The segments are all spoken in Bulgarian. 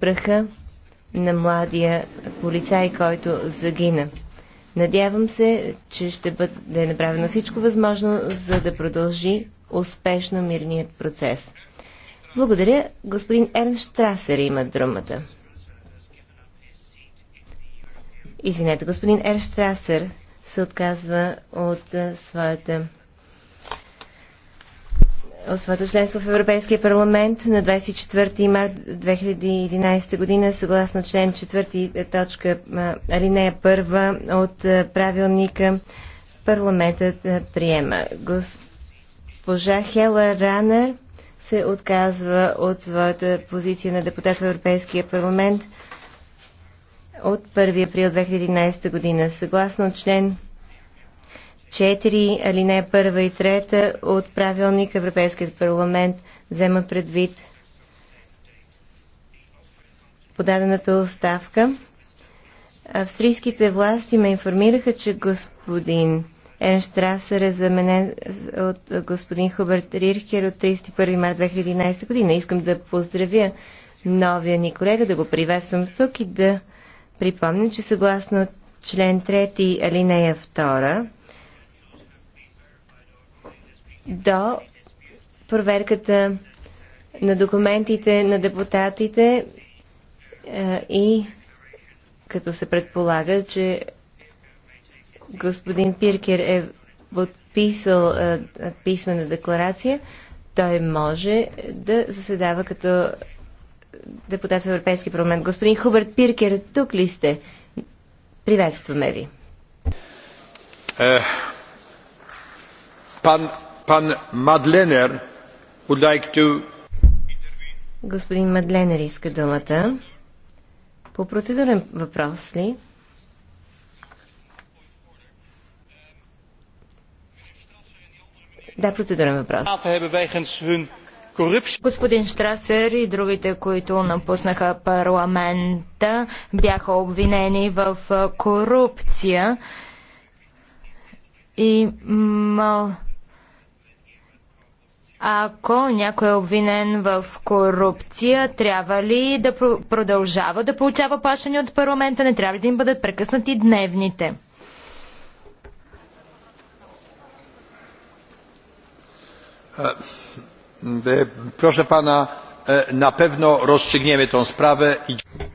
праха на младия полицай, който загина. Надявам се, че ще бъде да е направено всичко възможно, за да продължи успешно мирният процес. Благодаря. Господин Ернст Штрасер има думата. Извинете, господин Ерштрасер Штрасер се отказва от своята от своето членство в Европейския парламент на 24 март 2011 година, съгласно член 4 е, точка алинея 1 от правилника парламентът приема. Госпожа Хела Ранер се отказва от своята позиция на депутат в Европейския парламент от 1 април 2011 година. Съгласно член 4, алинея 1 и 3 от правилник Европейският парламент взема предвид подадената оставка. Австрийските власти ме информираха, че господин Енштрасър е заменен от господин Хуберт Рирхер от 31 март 2011 година. Искам да поздравя новия ни колега, да го приветствам тук и да припомня, че съгласно член 3 алинея 2 до проверката на документите на депутатите е, и като се предполага, че господин Пиркер е подписал е, писмена декларация, той може да заседава като депутат в Европейски парламент. Господин Хуберт Пиркер, тук ли сте? Приветстваме ви. Е, пан Господин Мадленер иска думата. По процедурен въпрос ли? Да, процедурен въпрос. Господин Штрасер и другите, които напуснаха парламента, бяха обвинени в корупция и ако някой е обвинен в корупция, трябва ли да продължава да получава плащане от парламента? Не трябва ли да им бъдат прекъснати дневните? Е, е, прошу пана, е, на певно разчегнеме тон справе.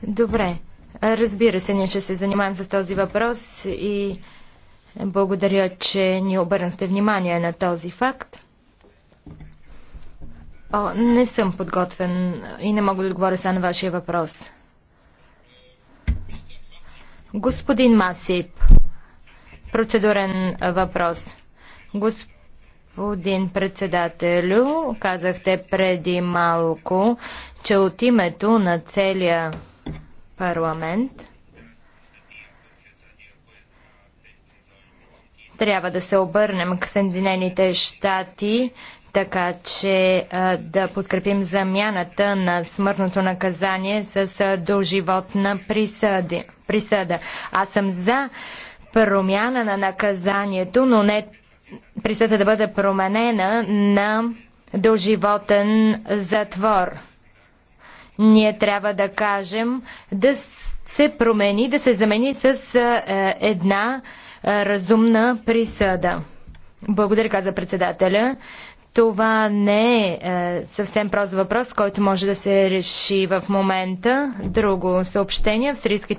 Добре. Разбира се, ние ще се занимаем с този въпрос и благодаря, че ни обърнахте внимание на този факт. О, не съм подготвен и не мога да отговоря сега на вашия въпрос. Господин Масип, процедурен въпрос. Господин председателю, казахте преди малко, че от името на целия парламент – Трябва да се обърнем к Съединените щати, така че да подкрепим замяната на смъртното наказание с доживотна присъда. Аз съм за промяна на наказанието, но не присъда да бъде променена на доживотен затвор. Ние трябва да кажем да се промени, да се замени с една разумна присъда. Благодаря, каза председателя. Това не е, е съвсем прост въпрос, който може да се реши в момента. Друго съобщение. в Сирийските